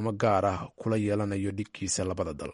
kulamo gaar ah kula yeelanayo dhigkiisa labada dal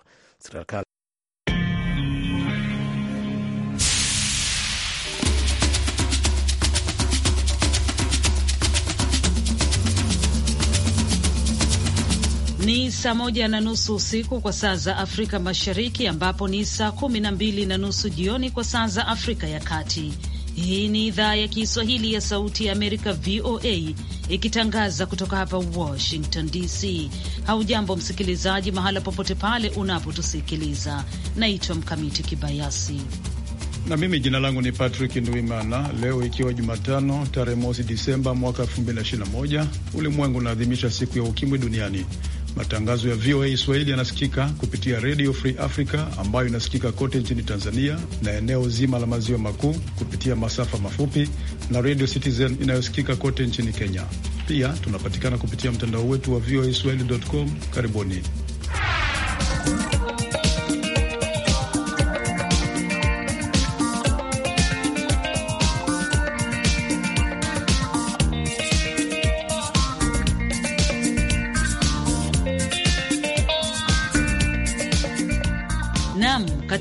Ni saa moja na nusu usiku kwa saa za Afrika Mashariki, ambapo ni saa kumi na mbili na nusu jioni kwa saa za Afrika ya Kati. Hii ni idhaa ya Kiswahili ya Sauti ya Amerika, VOA, ikitangaza kutoka hapa Washington DC. Haujambo msikilizaji, mahala popote pale unapotusikiliza. Naitwa Mkamiti Kibayasi na mimi jina langu ni Patrick nduimana Leo ikiwa Jumatano tarehe mosi Disemba mwaka 2021, ulimwengu unaadhimisha siku ya ukimwi duniani. Matangazo ya VOA Swahili yanasikika kupitia Radio Free Africa ambayo inasikika kote nchini Tanzania na eneo zima la maziwa makuu kupitia masafa mafupi na Radio Citizen inayosikika kote nchini Kenya. Pia tunapatikana kupitia mtandao wetu wa voa voaswahili.com. Karibuni.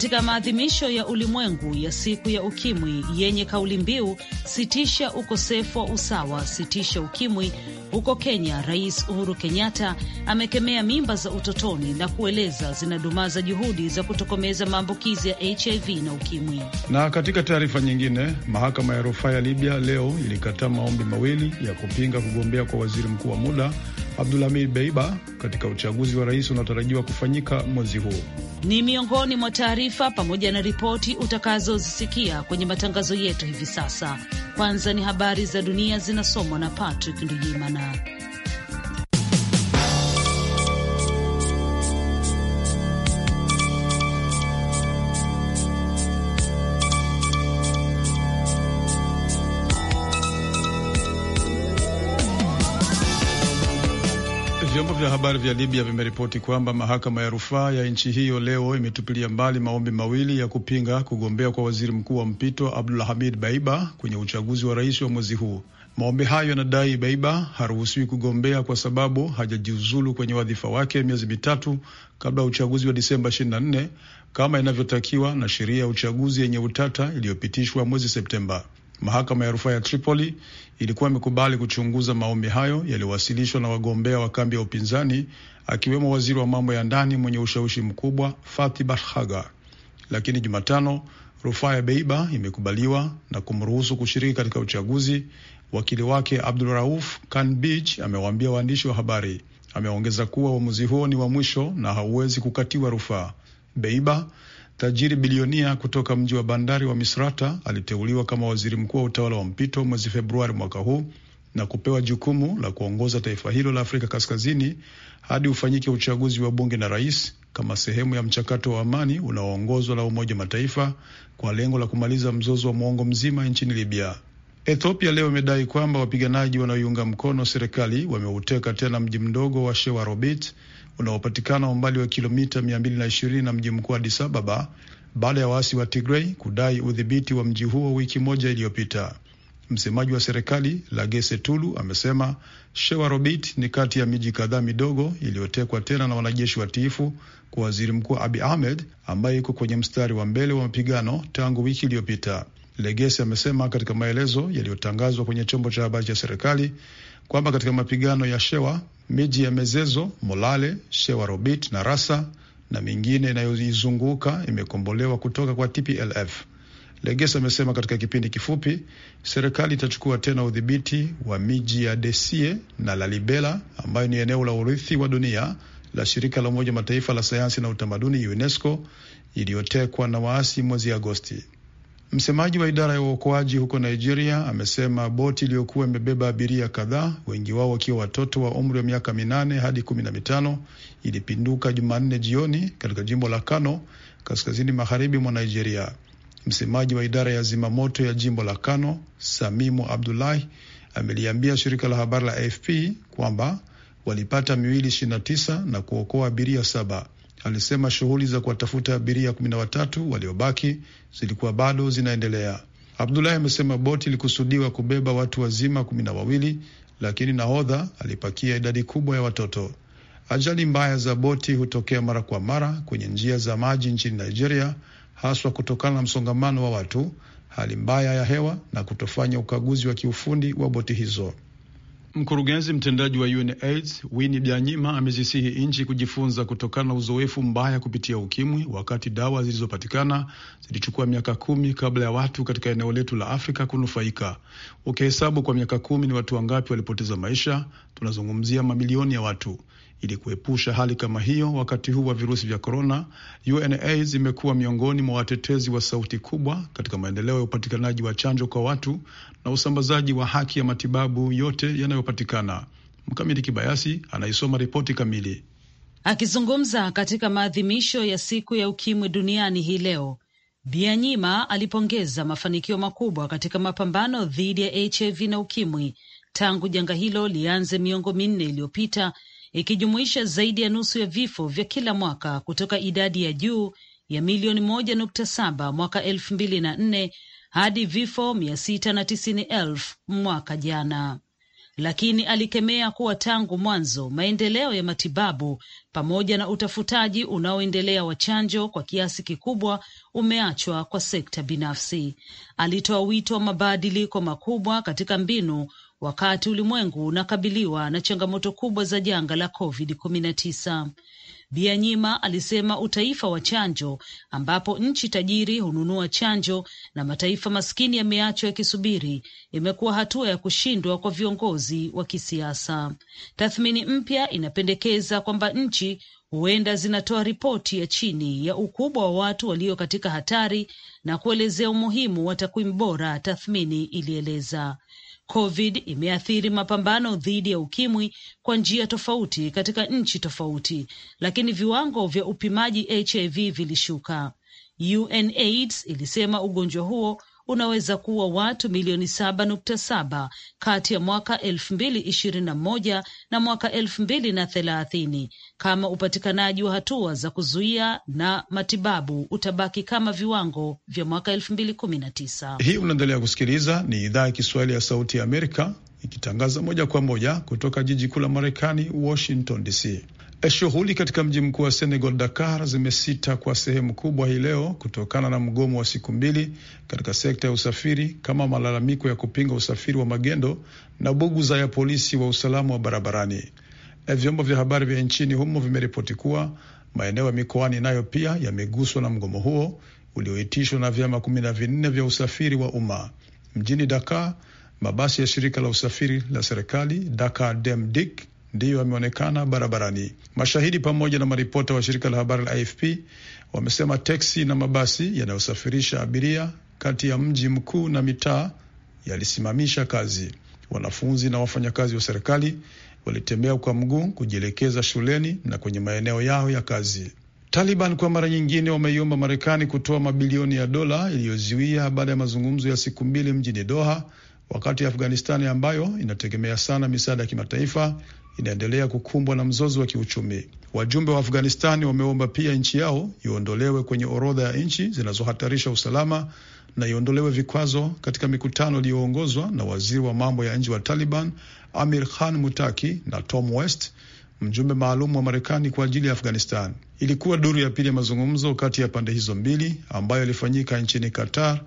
katika maadhimisho ya ulimwengu ya siku ya ukimwi yenye kauli mbiu sitisha ukosefu wa usawa, sitisha ukimwi, huko Kenya, Rais Uhuru Kenyatta amekemea mimba za utotoni na kueleza zinadumaza juhudi za kutokomeza maambukizi ya HIV na ukimwi. Na katika taarifa nyingine, mahakama ya rufaa ya Libya leo ilikataa maombi mawili ya kupinga kugombea kwa waziri mkuu wa muda Abdulhamid Beiba katika uchaguzi wa rais unaotarajiwa kufanyika mwezi huu. Ni miongoni mwa taarifa pamoja na ripoti utakazozisikia kwenye matangazo yetu hivi sasa. Kwanza ni habari za dunia zinasomwa na Patrick Ndujimana. Vyombo vya habari vya Libya vimeripoti kwamba mahakama ya rufaa ya nchi hiyo leo imetupilia mbali maombi mawili ya kupinga kugombea kwa waziri mkuu wa mpito Abdul Hamid Baiba kwenye uchaguzi wa rais wa mwezi huu. Maombi hayo yanadai Beiba haruhusiwi kugombea kwa sababu hajajiuzulu kwenye wadhifa wake miezi mitatu kabla ya uchaguzi wa Disemba 24 kama inavyotakiwa na sheria ya uchaguzi yenye utata iliyopitishwa mwezi Septemba. Mahakama ya rufaa ya Tripoli ilikuwa imekubali kuchunguza maombi hayo yaliyowasilishwa na wagombea wa kambi ya upinzani, akiwemo waziri wa mambo ya ndani mwenye ushawishi mkubwa Fati Barhaga, lakini Jumatano rufaa ya Beiba imekubaliwa na kumruhusu kushiriki katika uchaguzi. Wakili wake Abdul Rauf Kanbij amewaambia waandishi wa habari. Ameongeza kuwa uamuzi huo ni wa mwisho na hauwezi kukatiwa rufaa. Beiba, tajiri bilionia kutoka mji wa bandari wa Misrata, aliteuliwa kama waziri mkuu wa utawala wa mpito mwezi Februari mwaka huu na kupewa jukumu la kuongoza taifa hilo la Afrika Kaskazini hadi ufanyike uchaguzi wa bunge na rais kama sehemu ya mchakato wa amani unaoongozwa na Umoja Mataifa kwa lengo la kumaliza mzozo wa muongo mzima nchini Libya. Ethiopia leo imedai kwamba wapiganaji wanaoiunga mkono serikali wameuteka tena mji mdogo wa Robit unaopatikana umbali wa kilomita 220 na mji mkuu Addis Ababa baada ya waasi wa tigrei kudai udhibiti wa mji huo wiki moja iliyopita. Msemaji wa serikali Lagese Tulu amesema Shewa Robit ni kati ya miji kadhaa midogo iliyotekwa tena na wanajeshi watiifu kwa waziri mkuu Abi Ahmed ambaye yuko kwenye mstari wa mbele wa mapigano tangu wiki iliyopita. Legese amesema katika maelezo yaliyotangazwa kwenye chombo cha habari cha serikali kwamba katika mapigano ya Shewa, miji ya Mezezo, Molale, Shewa Robit na Rasa na mingine inayoizunguka imekombolewa kutoka kwa TPLF. Legesa amesema katika kipindi kifupi serikali itachukua tena udhibiti wa miji ya Desie na Lalibela ambayo ni eneo la urithi wa dunia la shirika la Umoja Mataifa la sayansi na utamaduni UNESCO iliyotekwa na waasi mwezi Agosti. Msemaji wa idara ya uokoaji huko Nigeria amesema boti iliyokuwa imebeba abiria kadhaa, wengi wao wakiwa watoto wa umri wa miaka minane hadi kumi na mitano ilipinduka Jumanne jioni katika jimbo la Kano kaskazini magharibi mwa Nigeria. Msemaji wa idara ya zimamoto ya jimbo la Kano, Samimu Abdulahi, ameliambia shirika la habari la AFP kwamba walipata miili 29 na kuokoa abiria saba. Alisema shughuli za kuwatafuta abiria 13 waliobaki zilikuwa bado zinaendelea. Abdulahi amesema boti ilikusudiwa kubeba watu wazima kumi na wawili, lakini nahodha alipakia idadi kubwa ya watoto. Ajali mbaya za boti hutokea mara kwa mara kwenye njia za maji nchini Nigeria haswa kutokana na msongamano wa watu, hali mbaya ya hewa na kutofanya ukaguzi wa kiufundi wa boti hizo. Mkurugenzi mtendaji wa UNAIDS Winnie Byanyima amezisihi nchi kujifunza kutokana na uzoefu mbaya kupitia ukimwi, wakati dawa zilizopatikana zilichukua miaka kumi kabla ya watu katika eneo letu la Afrika kunufaika. Ukihesabu kwa miaka kumi ni watu wangapi walipoteza maisha, tunazungumzia mamilioni ya watu. Ili kuepusha hali kama hiyo wakati huu wa virusi vya korona, UNAIDS imekuwa miongoni mwa watetezi wa sauti kubwa katika maendeleo ya upatikanaji wa chanjo kwa watu na usambazaji wa haki ya matibabu yote yanayopatikana. Mkamiti Kibayasi anaisoma ripoti kamili. Akizungumza katika maadhimisho ya siku ya ukimwi duniani hii leo, Bianyima alipongeza mafanikio makubwa katika mapambano dhidi ya HIV na ukimwi tangu janga hilo lianze miongo minne iliyopita ikijumuisha zaidi ya nusu ya vifo vya kila mwaka kutoka idadi ya juu ya milioni moja nukta saba mwaka elfu mbili na nne hadi vifo mia sita na tisini elfu mwaka jana, lakini alikemea kuwa tangu mwanzo maendeleo ya matibabu pamoja na utafutaji unaoendelea wa chanjo kwa kiasi kikubwa umeachwa kwa sekta binafsi. Alitoa wito wa mabadiliko makubwa katika mbinu wakati ulimwengu unakabiliwa na changamoto kubwa za janga la COVID-19. Bianyima alisema utaifa wa chanjo, ambapo nchi tajiri hununua chanjo na mataifa maskini yameachwa yakisubiri, imekuwa hatua ya kushindwa kwa viongozi wa kisiasa. Tathmini mpya inapendekeza kwamba nchi huenda zinatoa ripoti ya chini ya ukubwa wa watu walio katika hatari na kuelezea umuhimu wa takwimu bora, tathmini ilieleza. COVID imeathiri mapambano dhidi ya ukimwi kwa njia tofauti katika nchi tofauti, lakini viwango vya upimaji HIV vilishuka. UNAIDS ilisema ugonjwa huo unaweza kuwa watu milioni saba nukta saba kati ya mwaka elfu mbili ishirini na moja na mwaka elfu mbili na thelathini kama upatikanaji wa hatua za kuzuia na matibabu utabaki kama viwango vya mwaka elfu mbili kumi na tisa. Hii unaendelea kusikiliza, ni idhaa ya Kiswahili ya Sauti ya Amerika ikitangaza moja kwa moja kutoka jiji kuu la Marekani, Washington DC. Eh, shughuli katika mji mkuu wa Senegal, Dakar, zimesita kwa sehemu kubwa hii leo kutokana na mgomo wa siku mbili katika sekta ya usafiri, kama malalamiko ya kupinga usafiri wa magendo na buguza ya polisi wa usalama wa barabarani. Eh, vyombo vya habari vya nchini humo vimeripoti kuwa maeneo ya mikoani nayo pia yameguswa na mgomo huo ulioitishwa na vyama kumi na vinne vya usafiri wa umma mjini Dakar. Mabasi ya shirika la usafiri la serikali Dakar Dem ndiyo yameonekana barabarani. Mashahidi pamoja na maripota wa shirika la habari la AFP wamesema teksi na mabasi yanayosafirisha abiria kati ya mji mkuu na mitaa yalisimamisha kazi. Wanafunzi na wafanyakazi wa serikali walitembea kwa mguu kujielekeza shuleni na kwenye maeneo yao ya kazi. Taliban kwa mara nyingine wameiomba Marekani kutoa mabilioni ya dola iliyozuia baada ya mazungumzo ya siku mbili mjini Doha wakati Afghanistani ambayo inategemea sana misaada ya kimataifa inaendelea kukumbwa na mzozo wa kiuchumi. Wajumbe wa Afghanistani wameomba pia nchi yao iondolewe kwenye orodha ya nchi zinazohatarisha usalama na iondolewe vikwazo katika mikutano iliyoongozwa na waziri wa mambo ya nje wa Taliban Amir Khan Mutaki na Tom West, mjumbe maalum wa Marekani kwa ajili ya Afghanistan. Ilikuwa duru ya pili ya mazungumzo kati ya pande hizo mbili ambayo ilifanyika nchini Qatar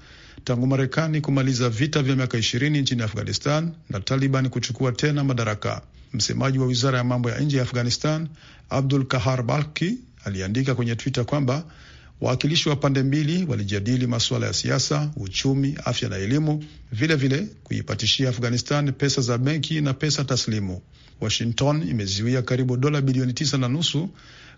tangu Marekani kumaliza vita vya miaka ishirini nchini Afghanistan na Taliban kuchukua tena madaraka. Msemaji wa wizara ya mambo ya nje ya Afghanistan Abdul Kahar Balki aliandika kwenye Twitter kwamba wawakilishi wa pande mbili walijadili masuala ya siasa, uchumi, afya na elimu, vilevile kuipatishia Afghanistan pesa za benki na pesa taslimu. Washington imeziwia karibu dola bilioni tisa na nusu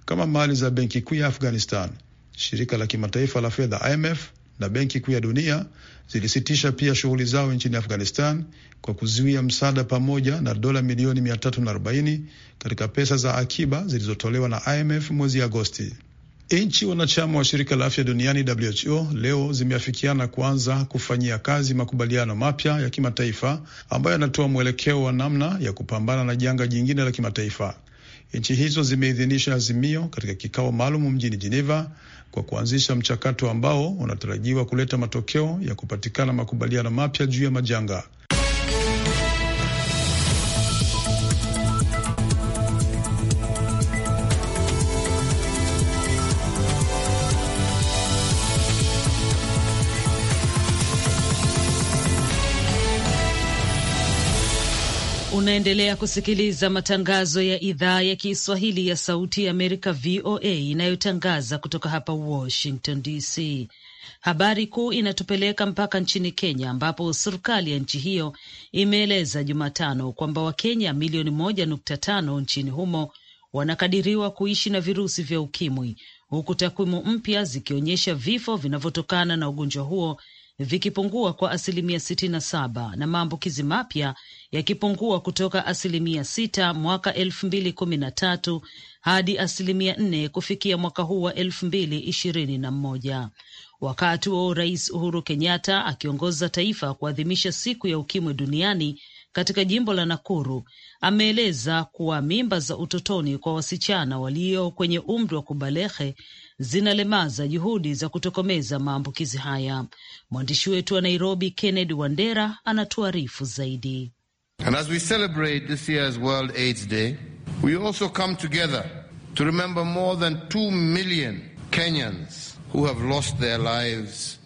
kama mali za benki kuu ya Afghanistan. Shirika la kimataifa la fedha IMF na Benki Kuu ya Dunia zilisitisha pia shughuli zao nchini Afghanistan kwa kuzuia msaada pamoja na dola milioni 340 katika pesa za akiba zilizotolewa na IMF mwezi Agosti. Nchi wanachama wa shirika la afya duniani WHO leo zimeafikiana kuanza kufanyia kazi makubaliano mapya ya kimataifa ambayo yanatoa mwelekeo wa namna ya kupambana na janga jingine la kimataifa. Nchi hizo zimeidhinisha azimio katika kikao maalum mjini Jeneva kwa kuanzisha mchakato ambao unatarajiwa kuleta matokeo ya kupatikana makubaliano mapya juu ya majanga. Unaendelea kusikiliza matangazo ya idhaa ya Kiswahili ya Sauti ya Amerika, VOA, inayotangaza kutoka hapa Washington DC. Habari kuu inatupeleka mpaka nchini Kenya, ambapo serikali ya nchi hiyo imeeleza Jumatano kwamba Wakenya milioni moja nukta tano nchini humo wanakadiriwa kuishi na virusi vya ukimwi, huku takwimu mpya zikionyesha vifo vinavyotokana na ugonjwa huo vikipungua kwa asilimia sitini na saba na maambukizi mapya yakipungua kutoka asilimia sita mwaka elfu mbili kumi na tatu hadi asilimia nne kufikia mwaka huu wa elfu mbili ishirini na mmoja. Wakati wa Rais Uhuru Kenyatta akiongoza taifa kuadhimisha siku ya ukimwi duniani katika jimbo la Nakuru ameeleza kuwa mimba za utotoni kwa wasichana walio kwenye umri wa kubalehe zinalemaza juhudi za kutokomeza maambukizi haya. Mwandishi wetu wa Nairobi, Kennedy Wandera, anatuarifu zaidi. And as we celebrate this year's World AIDS Day, we also come together to remember more than 2 million Kenyans who have lost their lives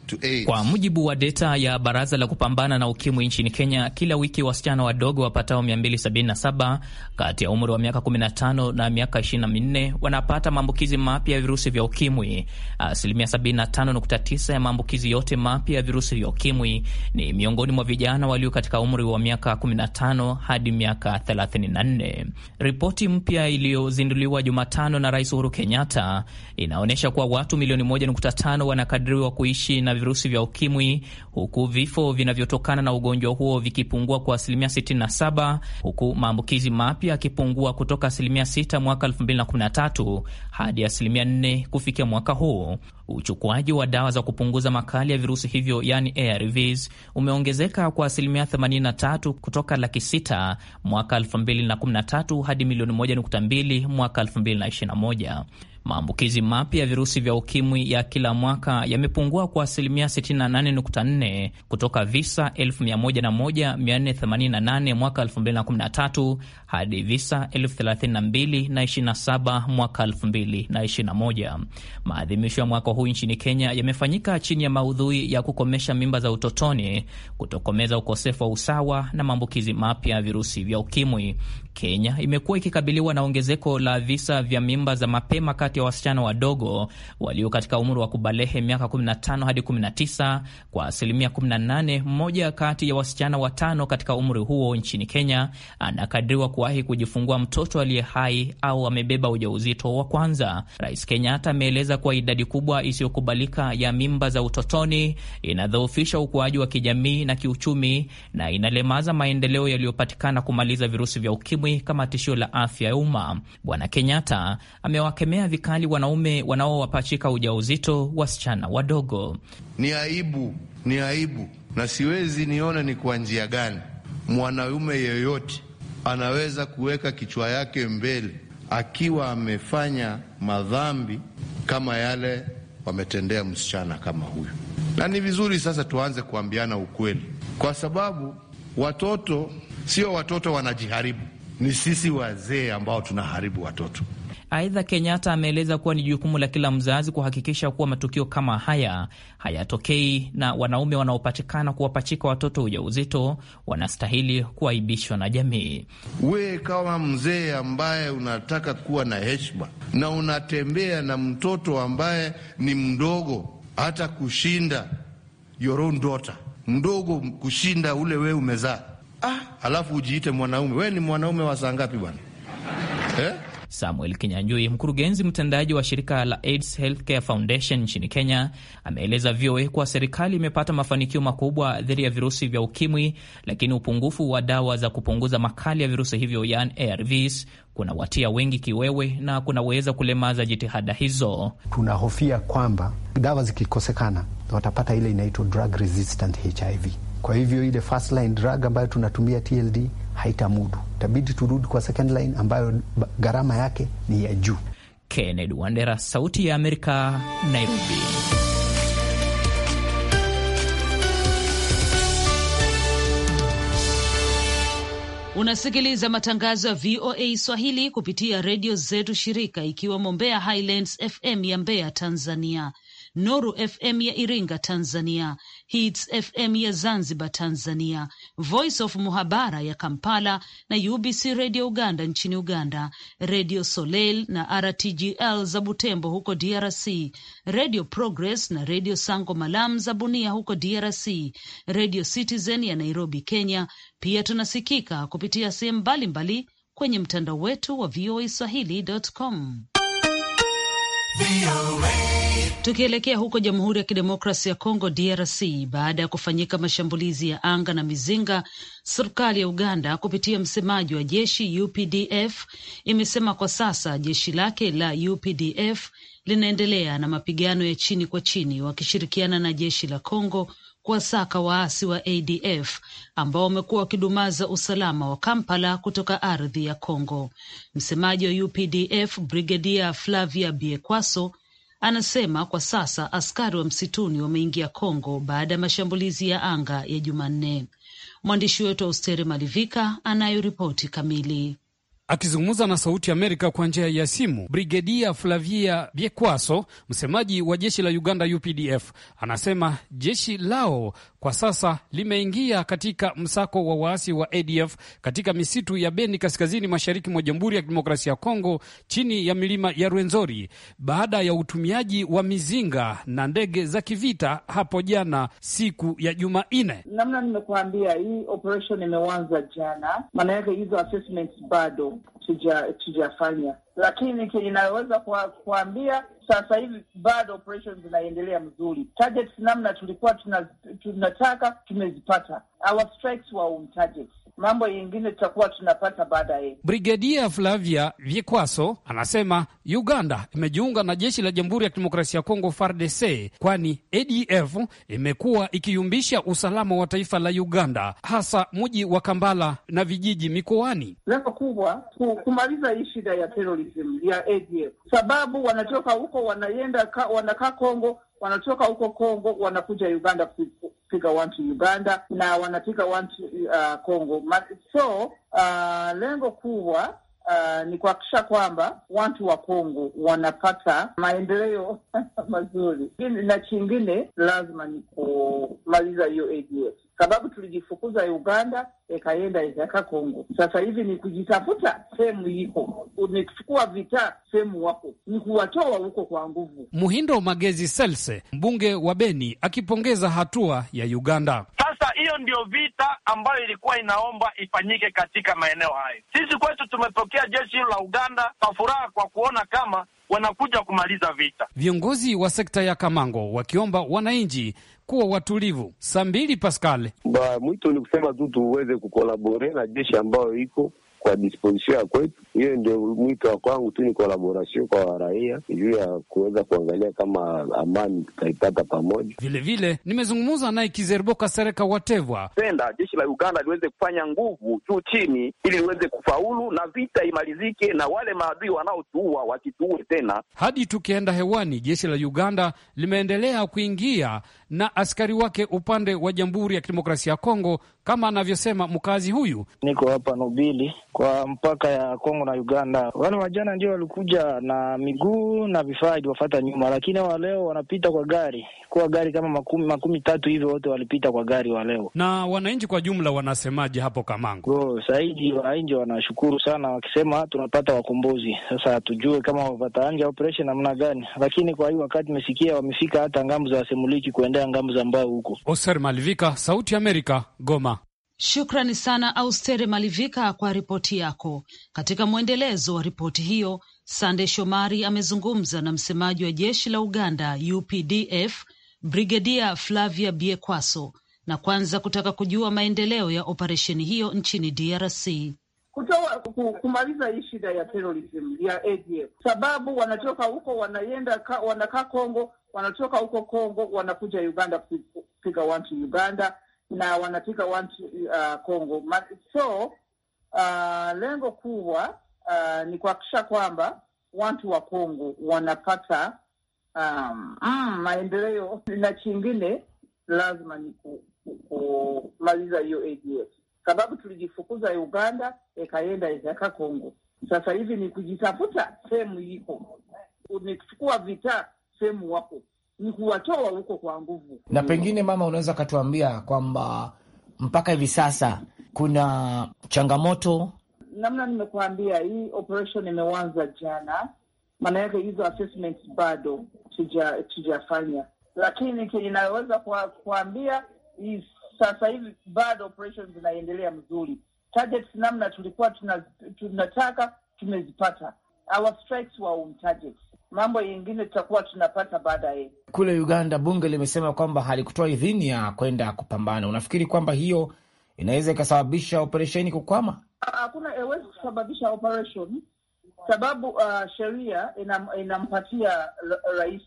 Kwa mujibu wa deta ya baraza la kupambana na ukimwi nchini Kenya, kila wiki wasichana wadogo wapatao 277 kati ya umri wa miaka 15 na miaka 24 wanapata maambukizi mapya ya virusi vya ukimwi. Asilimia 75.9 ya maambukizi yote mapya ya virusi vya ukimwi ni miongoni mwa vijana walio katika umri wa miaka 15 hadi miaka 34. Ripoti mpya iliyozinduliwa Jumatano na Rais Uhuru Kenyatta inaonyesha kuwa watu milioni 1.5 wanakadiriwa kuishi na virusi vya ukimwi, huku vifo vinavyotokana na ugonjwa huo vikipungua kwa asilimia 67, huku maambukizi mapya yakipungua kutoka asilimia 6 mwaka 2013 hadi asilimia 4 kufikia mwaka huu. Uchukuaji wa dawa za kupunguza makali ya virusi hivyo yani ARVs umeongezeka kwa asilimia 83 kutoka laki 6 mwaka 2013 hadi milioni 1.2 mwaka 2021 maambukizi mapya ya virusi vya ukimwi ya kila mwaka yamepungua kwa asilimia 68.4 kutoka visa 101488 mwaka 2013 hadi visa 32027 mwaka 2021. Maadhimisho ya mwaka huu nchini Kenya yamefanyika chini ya maudhui ya kukomesha mimba za utotoni, kutokomeza ukosefu wa usawa na maambukizi mapya ya virusi vya ukimwi. Kenya imekuwa ikikabiliwa na ongezeko la visa vya mimba za mapema kati kati ya wasichana wadogo walio katika umri wa kubalehe miaka 15 hadi 19 kwa asilimia 18. Mmoja kati ya wasichana watano katika umri huo nchini Kenya anakadiriwa kuwahi kujifungua mtoto aliye hai au amebeba ujauzito wa kwanza. Rais Kenyatta ameeleza kuwa idadi kubwa isiyokubalika ya mimba za utotoni inadhoofisha ukuaji wa kijamii na kiuchumi na inalemaza maendeleo yaliyopatikana kumaliza virusi vya ukimwi kama tishio la afya ya umma. Bwana Kenyatta amewakemea vikali wanaume wanaowapachika ujauzito wasichana wadogo. Ni aibu, ni aibu, na siwezi nione ni kwa njia gani mwanaume yeyote anaweza kuweka kichwa yake mbele akiwa amefanya madhambi kama yale wametendea msichana kama huyu. Na ni vizuri sasa tuanze kuambiana ukweli, kwa sababu watoto sio watoto wanajiharibu, ni sisi wazee ambao tunaharibu watoto. Aidha, Kenyatta ameeleza kuwa ni jukumu la kila mzazi kuhakikisha kuwa matukio kama haya hayatokei na wanaume wanaopatikana kuwapachika watoto ujauzito wanastahili kuaibishwa na jamii. We kama mzee ambaye unataka kuwa na heshima na unatembea na mtoto ambaye ni mdogo hata kushinda your own daughter, mdogo kushinda ule wee umezaa, ah, alafu ujiite mwanaume. We ni mwanaume wa saa ngapi bwana eh? Samuel Kinyanjui, mkurugenzi mtendaji wa shirika la AIDS Healthcare Foundation nchini Kenya, ameeleza VOA kuwa serikali imepata mafanikio makubwa dhidi ya virusi vya ukimwi, lakini upungufu wa dawa za kupunguza makali ya virusi hivyo, yani ARVs, watia wengi kiwewe na kunaweza kulemaza jitihada hizo. Tunahofia kwamba dawa zikikosekana watapata ile inaitwa drug resistant HIV. Kwa hivyo ile first line drug ambayo tunatumia TLD haitamudu, itabidi turudi kwa second line ambayo gharama yake ni ya juu. Kennedy Wandera, Sauti ya Amerika, Nairobi. Unasikiliza matangazo ya VOA Swahili kupitia redio zetu shirika ikiwemo Mbeya Highlands FM ya Mbeya, Tanzania, Noru FM ya Iringa Tanzania, Hits FM ya Zanzibar Tanzania, Voice of Muhabara ya Kampala na UBC redio Uganda nchini Uganda, redio Soleil na RTGL za Butembo huko DRC, redio Progress na redio Sango Malam za Bunia huko DRC, redio Citizen ya Nairobi Kenya. Pia tunasikika kupitia sehemu mbalimbali kwenye mtandao wetu wa voa voaswahili.com. Tukielekea huko Jamhuri ya Kidemokrasi ya Kongo, DRC, baada ya kufanyika mashambulizi ya anga na mizinga, serikali ya Uganda kupitia msemaji wa jeshi UPDF imesema kwa sasa jeshi lake la UPDF linaendelea na mapigano ya chini kwa chini wakishirikiana na jeshi la Kongo kuwasaka waasi wa ADF ambao wamekuwa wakidumaza usalama wa Kampala kutoka ardhi ya Kongo. Msemaji wa UPDF Brigedia Flavia Biekwaso anasema kwa sasa askari wa msituni wameingia Kongo baada ya mashambulizi ya anga ya Jumanne. Mwandishi wetu Austeri Malivika anayo ripoti kamili. Akizungumza na Sauti Amerika kwa njia ya simu, Brigedia Flavia biekwaso msemaji wa jeshi la Uganda UPDF, anasema jeshi lao kwa sasa limeingia katika msako wa waasi wa ADF katika misitu ya Beni kaskazini mashariki mwa Jamhuri ya Kidemokrasia ya Kongo chini ya milima ya Rwenzori baada ya utumiaji wa mizinga na ndege za kivita hapo jana siku ya Jumanne. Namna nimekuambia, hii operation imeanza jana, maana yake hizo assessments bado tujafanya, lakini inaweza kuambia sasa hivi bado operations zinaendelea mzuri. Targets namna tulikuwa tunataka tumezipata. Our strikes were on Mambo yengine tutakuwa tunapata baadaye. Brigadia Flavia Vyekwaso anasema Uganda imejiunga na jeshi la Jamhuri ya Kidemokrasia ya Kongo FARDC, kwani ADF imekuwa ikiyumbisha usalama wa taifa la Uganda, hasa mji wa Kampala na vijiji mikoani. Lengo kubwa kumaliza hii shida ya terrorism ya ADF, sababu wanatoka huko wanaenda ka, wanakaa Kongo, wanatoka huko Kongo wanakuja Uganda kupiga wantu Uganda na wanapiga wantu uh, Kongo. So uh, lengo kubwa uh, ni kuhakikisha kwamba watu wa Kongo wanapata maendeleo mazuri, na chingine lazima ni kumaliza hiyo ADF sababu tulijifukuza Uganda ikaenda ikaka Kongo. Sasa hivi ni kujitafuta sehemu iko, ni kuchukua vita sehemu wako, ni kuwatoa huko kwa nguvu. Muhindo Magezi Selse, mbunge wa Beni, akipongeza hatua ya Uganda hiyo ndio vita ambayo ilikuwa inaomba ifanyike katika maeneo hayo. Sisi kwetu tumepokea jeshi hilo la Uganda kwa furaha, kwa kuona kama wanakuja kumaliza vita. Viongozi wa sekta ya Kamango wakiomba wananchi kuwa watulivu. saa mbili Pascal ba mwito ni kusema tu tuweze kukolabore na jeshi ambayo iko kwa disposition ya kwetu. Hiyo ndio mwito wa kwangu tu, ni kolaborasio kwa raia juu ya kuweza kuangalia kama amani tutaipata pamoja. Vilevile nimezungumza naye Kizerbo Kasereka Watevwa, penda jeshi la Uganda liweze kufanya nguvu juu chini, ili liweze kufaulu na vita imalizike, na wale maadui wanaotuua wasituue tena. Hadi tukienda hewani, jeshi la Uganda limeendelea kuingia na askari wake upande wa Jamhuri ya Kidemokrasia ya Kongo, kama anavyosema mkazi huyu. Niko hapa Nobili kwa mpaka ya Kongo na Uganda. Wale wajana ndio walikuja na miguu na vifaa iliwafata nyuma, lakini wa leo wanapita kwa gari, kwa gari kama makumi, makumi tatu hivyo, wote walipita kwa gari wa leo. Na wananchi kwa jumla wanasemaje hapo Kamango? Saidi wananchi wanashukuru sana, wakisema tunapata wakombozi. Sasa hatujue kama wapata anja operation namna gani, lakini kwa hii wakati mesikia wamefika hata ngambo za Semuliki kuendea ngambo za mbao huko. Oser Malivika, Sauti ya Amerika, Goma. Shukrani sana Austere Malivika kwa ripoti yako. Katika mwendelezo wa ripoti hiyo, Sande Shomari amezungumza na msemaji wa jeshi la Uganda UPDF Brigedia Flavia Biekwaso na kwanza kutaka kujua maendeleo ya operesheni hiyo nchini DRC kutoa kumaliza hii shida ya terrorism ya ADF, sababu wanatoka huko wanaenda wanakaa Kongo, wanatoka huko Kongo wanakuja Uganda kupiga wantu Uganda na wanatika watu uh, Kongo. So uh, lengo kubwa uh, ni kuhakikisha kwamba watu wa Kongo wanapata um, mm, maendeleo, na chingine lazima ni kumaliza hiyo ADF sababu tulijifukuza Uganda ikaenda ikaka Kongo. Sasa hivi ni kujitafuta sehemu iko, ni kuchukua vita sehemu wako ni kuwatoa huko kwa nguvu. Na pengine, mama, unaweza ukatuambia kwamba mpaka hivi sasa kuna changamoto namna nimekuambia, hii operation imeanza jana, maana yake hizo assessments bado tujafanya, lakini inaweza kuambia hii sasa hivi bado operations zinaendelea mzuri. Targets namna tulikuwa tunataka tumezipata, our strikes were on target mambo yingine tutakuwa tunapata baadaye. Kule Uganda bunge limesema kwamba halikutoa idhini ya kwenda kupambana. Unafikiri kwamba hiyo inaweza ikasababisha operesheni kukwama? Hakuna, haiwezi kusababisha operesheni sababu uh, sheria inampatia rais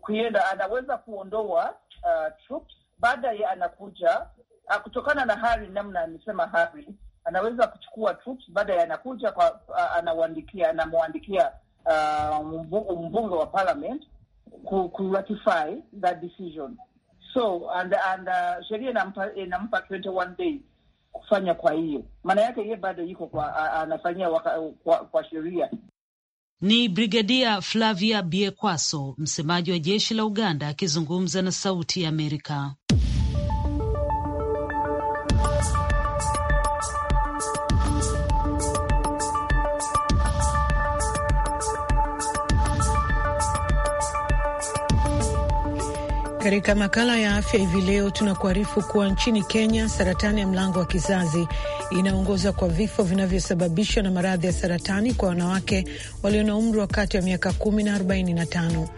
kuenda, anaweza kuondoa uh, troops baadaye anakuja uh, kutokana na hali namna amesema hali anaweza kuchukua troops baadaye anakuja kwa uh, anawaandikia anamwandikia uh, mbunge wa parliament ku, ku ratify that decision so and, and uh, sheria inampa, inampa 21 day kufanya. Kwa hiyo maana yake yeye bado yuko kwa anafanyia kwa, kwa sheria. Ni Brigadia Flavia Biekwaso, msemaji wa jeshi la Uganda akizungumza na Sauti ya Amerika. Katika makala ya afya hivi leo tunakuarifu kuwa nchini Kenya saratani ya mlango wa kizazi inaongoza kwa vifo vinavyosababishwa na maradhi ya saratani kwa wanawake walio na umri wa kati ya miaka kumi na arobaini na tano.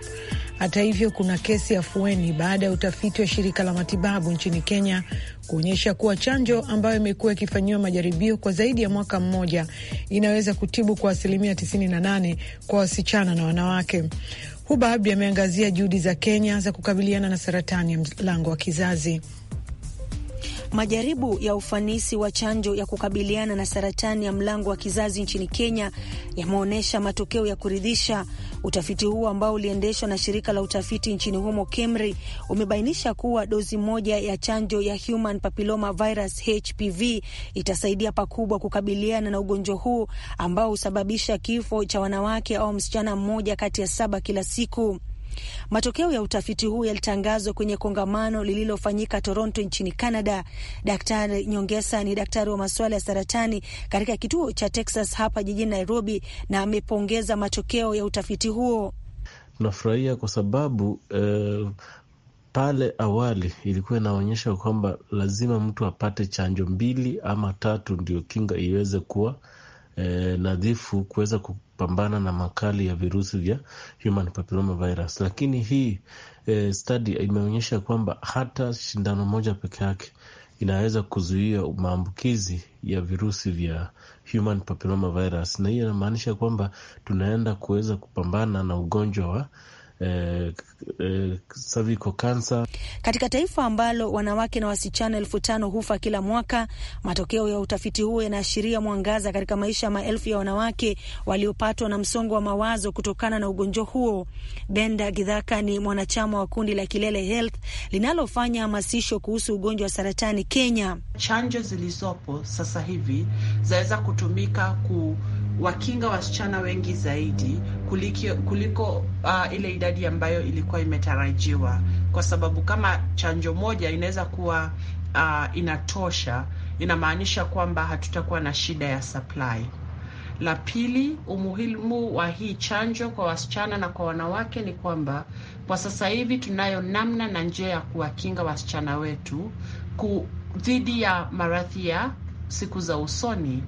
Hata hivyo kuna kesi afueni baada ya utafiti wa shirika la matibabu nchini Kenya kuonyesha kuwa chanjo ambayo imekuwa ikifanyiwa majaribio kwa zaidi ya mwaka mmoja inaweza kutibu kwa asilimia 98 kwa wasichana na wanawake. Kuba Abdi ameangazia juhudi za Kenya za kukabiliana na saratani ya mlango wa kizazi. Majaribu ya ufanisi wa chanjo ya kukabiliana na saratani ya mlango wa kizazi nchini Kenya yameonyesha matokeo ya kuridhisha. Utafiti huo ambao uliendeshwa na shirika la utafiti nchini humo KEMRI umebainisha kuwa dozi moja ya chanjo ya Human Papilloma Virus HPV itasaidia pakubwa kukabiliana na ugonjwa huu ambao husababisha kifo cha wanawake au msichana mmoja kati ya saba kila siku. Matokeo ya utafiti huu yalitangazwa kwenye kongamano lililofanyika Toronto nchini Canada. Daktari Nyongesa ni daktari wa masuala ya saratani katika kituo cha Texas hapa jijini Nairobi, na amepongeza matokeo ya utafiti huo. tunafurahia kwa sababu eh, pale awali ilikuwa inaonyesha kwamba lazima mtu apate chanjo mbili ama tatu ndio kinga iweze kuwa eh, nadhifu kuweza kupambana na makali ya virusi vya human papilloma virus. Lakini hii eh, study imeonyesha kwamba hata shindano moja peke yake inaweza kuzuia maambukizi ya virusi vya human papilloma virus, na hiyo inamaanisha kwamba tunaenda kuweza kupambana na ugonjwa wa eh, eh, cervical cancer. Katika taifa ambalo wanawake na wasichana elfu tano hufa kila mwaka, matokeo ya utafiti huo yanaashiria mwangaza katika maisha ya maelfu ya wanawake waliopatwa na msongo wa mawazo kutokana na ugonjwa huo. Benda Gidhaka ni mwanachama wa kundi la Kilele Health linalofanya hamasisho kuhusu ugonjwa wa saratani Kenya. Chanjo zilizopo sasa hivi zaweza kutumika ku wakinga wasichana wengi zaidi kuliko, kuliko uh, ah, ile idadi ambayo ilikuwa imetarajiwa, kwa sababu kama chanjo moja inaweza kuwa uh, inatosha, inamaanisha kwamba hatutakuwa na shida ya supply. La pili, umuhimu wa hii chanjo kwa wasichana na kwa wanawake ni kwamba kwa sasa hivi tunayo namna na njia ya kuwakinga wasichana wetu dhidi ya maradhi ya siku za usoni.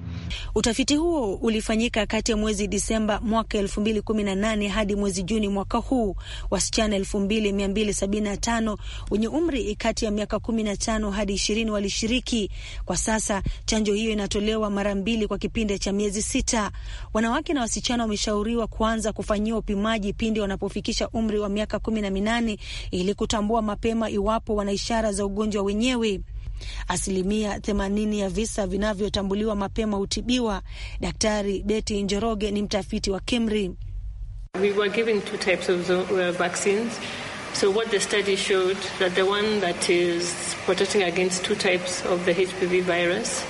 Utafiti huo ulifanyika kati ya mwezi Disemba mwaka elfu mbili kumi na nane hadi mwezi Juni mwaka huu. Wasichana elfu mbili mia mbili sabini na tano wenye umri kati ya miaka kumi na tano hadi ishirini walishiriki. Kwa sasa chanjo hiyo inatolewa mara mbili kwa kipindi cha miezi sita. Wanawake na wasichana wameshauriwa kuanza kufanyiwa upimaji pindi wanapofikisha umri wa miaka kumi na minane ili kutambua mapema iwapo wana ishara za ugonjwa wenyewe. Asilimia themanini ya visa vinavyotambuliwa mapema hutibiwa. Daktari Beti Njoroge ni mtafiti wa KEMRI. We were given two types of uh, vaccines. So what the study showed that the one that is protecting against two types of the HPV virus,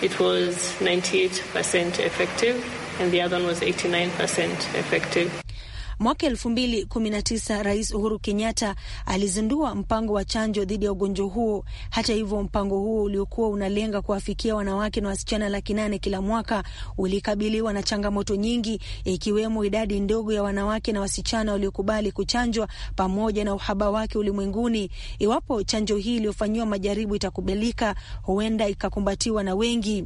it was 98% effective and the other one was 89% effective. Mwaka elfu mbili kumi na tisa Rais Uhuru Kenyatta alizindua mpango wa chanjo dhidi ya ugonjwa huo. Hata hivyo, mpango huo uliokuwa unalenga kuwafikia wanawake na wasichana laki nane kila mwaka ulikabiliwa na changamoto nyingi, ikiwemo idadi ndogo ya wanawake na wasichana waliokubali kuchanjwa pamoja na uhaba wake ulimwenguni. Iwapo chanjo hii iliyofanyiwa majaribu itakubalika, huenda ikakumbatiwa na wengi.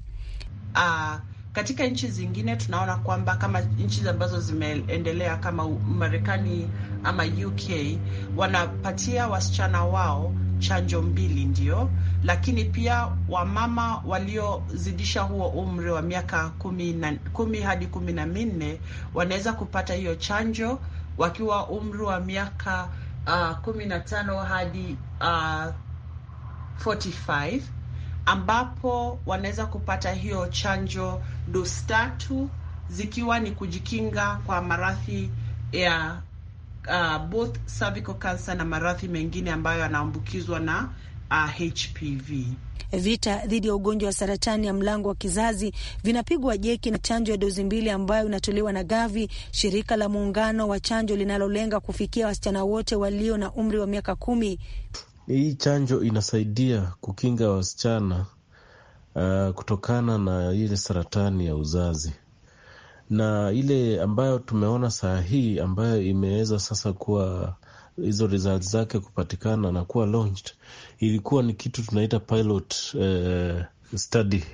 Uh, katika nchi zingine tunaona kwamba kama nchi ambazo zimeendelea kama Marekani ama UK wanapatia wasichana wao chanjo mbili ndio, lakini pia wamama waliozidisha huo umri wa miaka kumi, na, kumi hadi kumi na minne wanaweza kupata hiyo chanjo wakiwa umri wa miaka uh, kumi na tano hadi uh, ah, 45 ambapo wanaweza kupata hiyo chanjo dosi tatu zikiwa ni kujikinga kwa maradhi ya uh, both cervical cancer na maradhi mengine ambayo yanaambukizwa na uh, HPV. Vita dhidi ya ugonjwa wa saratani ya mlango wa kizazi vinapigwa jeki na chanjo ya dozi mbili ambayo inatolewa na Gavi, shirika la muungano wa chanjo linalolenga kufikia wasichana wote walio na umri wa miaka kumi. Hii chanjo inasaidia kukinga wasichana uh, kutokana na ile saratani ya uzazi na ile ambayo tumeona saa hii ambayo imeweza sasa kuwa hizo results zake kupatikana na kuwa launched, ilikuwa ni kitu tunaita pilot uh, study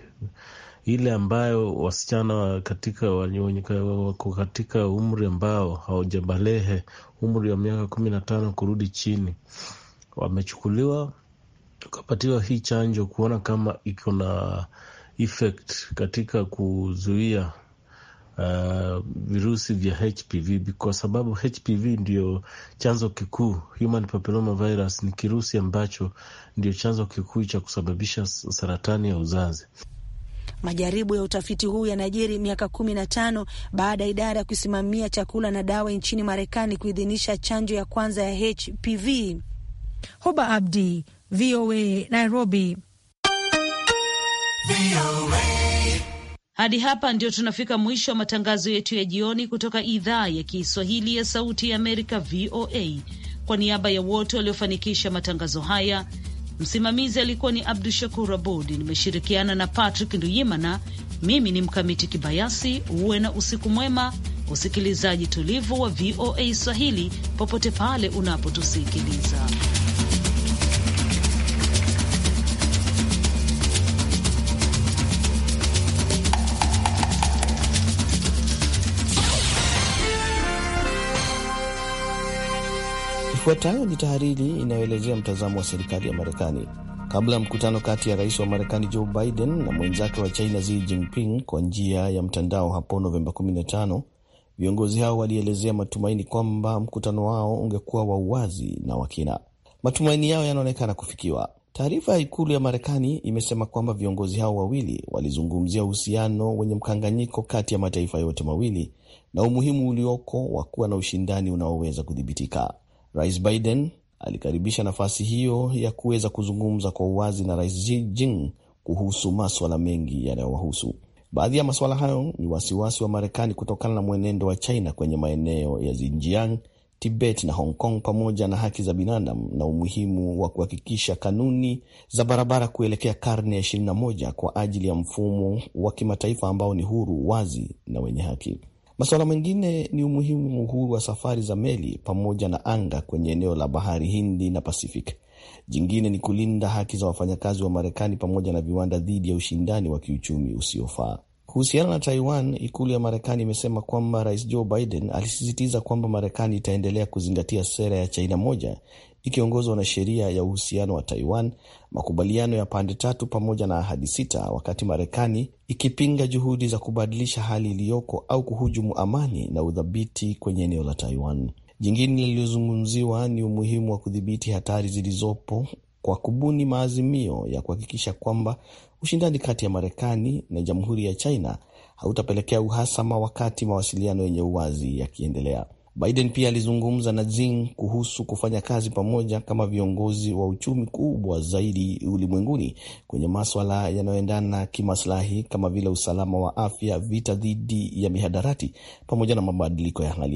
ile ambayo wasichana katika wako katika umri ambao hawajabalehe, umri wa miaka kumi na tano kurudi chini wamechukuliwa wakapatiwa hii chanjo kuona kama iko na effect katika kuzuia uh, virusi vya HPV kwa sababu HPV ndio chanzo kikuu. Human papilloma virus ni kirusi ambacho ndio chanzo kikuu cha kusababisha saratani ya uzazi. Majaribu ya utafiti huu yanajiri miaka kumi na tano baada ya idara ya kusimamia chakula na dawa nchini Marekani kuidhinisha chanjo ya kwanza ya HPV. Hoba Abdi, VOA Nairobi. Hadi hapa ndio tunafika mwisho wa matangazo yetu ya jioni kutoka idhaa ya Kiswahili ya Sauti ya Amerika, VOA. Kwa niaba ya wote waliofanikisha matangazo haya, msimamizi alikuwa ni Abdu Shakur Abud, nimeshirikiana na Patrick Nduyimana. Mimi ni Mkamiti Kibayasi. Uwe na usiku mwema usikilizaji tulivu wa VOA Swahili popote pale unapotusikiliza. Ifuatayo ni tahariri inayoelezea mtazamo wa serikali ya Marekani. Kabla ya mkutano kati ya rais wa Marekani Joe Biden na mwenzake wa China Xi Jinping kwa njia ya mtandao hapo Novemba 15, Viongozi hao walielezea matumaini kwamba mkutano wao ungekuwa wa uwazi na wa kina. Matumaini yao yanaonekana kufikiwa. Taarifa ya ikulu ya Marekani imesema kwamba viongozi hao wawili walizungumzia uhusiano wenye mkanganyiko kati ya mataifa yote mawili na umuhimu ulioko wa kuwa na ushindani unaoweza kudhibitika. Rais Biden alikaribisha nafasi hiyo ya kuweza kuzungumza kwa uwazi na Rais Xi Jinping kuhusu maswala mengi yanayowahusu. Baadhi ya masuala hayo ni wasiwasi wa Marekani kutokana na mwenendo wa China kwenye maeneo ya Xinjiang, Tibet na Hong Kong, pamoja na haki za binadamu na umuhimu wa kuhakikisha kanuni za barabara kuelekea karne ya 21 kwa ajili ya mfumo wa kimataifa ambao ni huru, wazi na wenye haki. Masuala mengine ni umuhimu wa uhuru wa safari za meli pamoja na anga kwenye eneo la bahari Hindi na Pacific. Jingine ni kulinda haki za wafanyakazi wa Marekani pamoja na viwanda dhidi ya ushindani wa kiuchumi usiofaa. Kuhusiana na Taiwan, ikulu ya Marekani imesema kwamba Rais Joe Biden alisisitiza kwamba Marekani itaendelea kuzingatia sera ya China moja ikiongozwa na Sheria ya Uhusiano wa Taiwan, makubaliano ya pande tatu pamoja na ahadi sita, wakati Marekani ikipinga juhudi za kubadilisha hali iliyoko au kuhujumu amani na udhabiti kwenye eneo la Taiwan. Jingine lililozungumziwa ni umuhimu wa kudhibiti hatari zilizopo kwa kubuni maazimio ya kuhakikisha kwamba ushindani kati ya Marekani na Jamhuri ya China hautapelekea uhasama wakati mawasiliano yenye uwazi yakiendelea. Biden pia alizungumza na Xi kuhusu kufanya kazi pamoja kama viongozi wa uchumi kubwa zaidi ulimwenguni kwenye maswala yanayoendana kimaslahi kama vile usalama wa afya, vita dhidi ya mihadarati, pamoja na mabadiliko ya hali